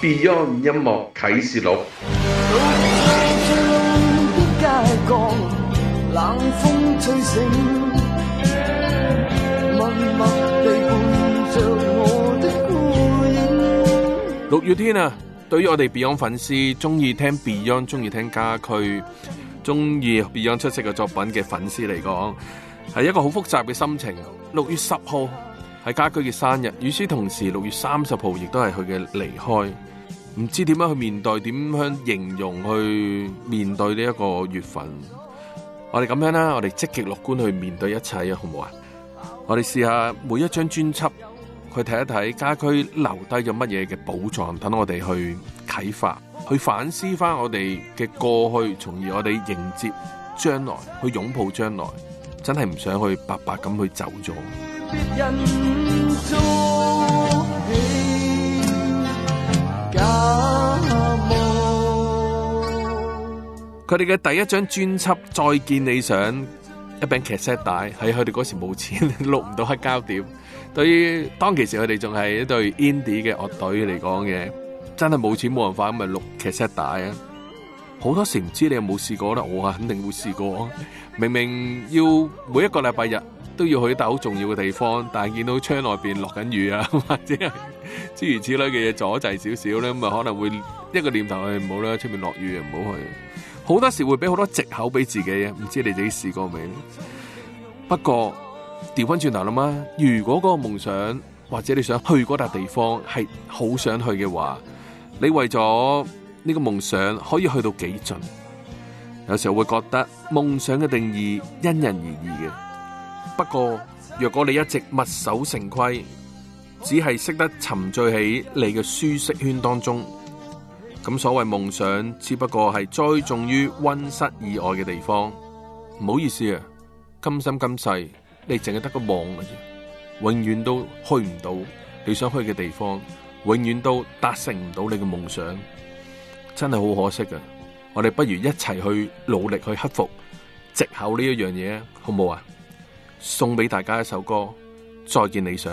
Beyond 音樂啟示錄。六月天啊，對於我哋 Beyond 粉絲，鍾意聽 Beyond，鍾意聽家駒，鍾意 Beyond 出色嘅作品嘅粉絲嚟講，係一個好複雜嘅心情。六月十號，喺家駒嘅生日，與此同時六月三十號亦都係佢嘅離開，唔知點樣去面對，點樣形容去面對呢一個月份？我哋咁樣啦，我哋積極樂觀去面對一切啊，好唔好啊？我哋試下每一張專輯，去睇一睇家駒留低咗乜嘢嘅寶藏，等我哋去啟發，去反思翻我哋嘅過去，從而我哋迎接將來，去擁抱將來。真係唔想去白白咁去走咗。別因築起假夢。佢哋嘅第一張專輯《再見理想》，一餅卡帶，喺佢哋嗰時冇錢錄唔到黑膠碟，對於當其時佢哋仲係一對 indie 嘅樂隊嚟講嘅，真係冇錢冇辦法咁，咪錄卡帶啊！好多時唔知你有冇試過啦，我啊肯定會試過，明明要每一個禮拜日。都要去一笪好重要嘅地方，但係見到窗外邊落緊雨啊，或者係諸如此類嘅嘢阻滯少少咧，咁啊可能會一個念頭去，唔好啦。出面落雨啊，唔好去。好多時候會俾好多借口俾自己啊，唔知你自己試過未？不過調翻轉頭啦嘛，如果嗰個夢想或者你想去嗰笪地方係好想去嘅話，你為咗呢個夢想可以去到幾盡？有時候會覺得夢想嘅定義因人而異嘅。不過，若果你一直墨守成規，只係識得沉醉喺你嘅舒適圈當中，咁所謂夢想，只不過係栽種於溫室以外嘅地方。唔好意思啊，今生今世你淨係得個望嘅啫，永遠都去唔到你想去嘅地方，永遠都達成唔到你嘅夢想，真係好可惜啊，我哋不如一齊去努力去克服藉口呢一樣嘢，好唔好啊？送俾大家一首歌，《再見理想》。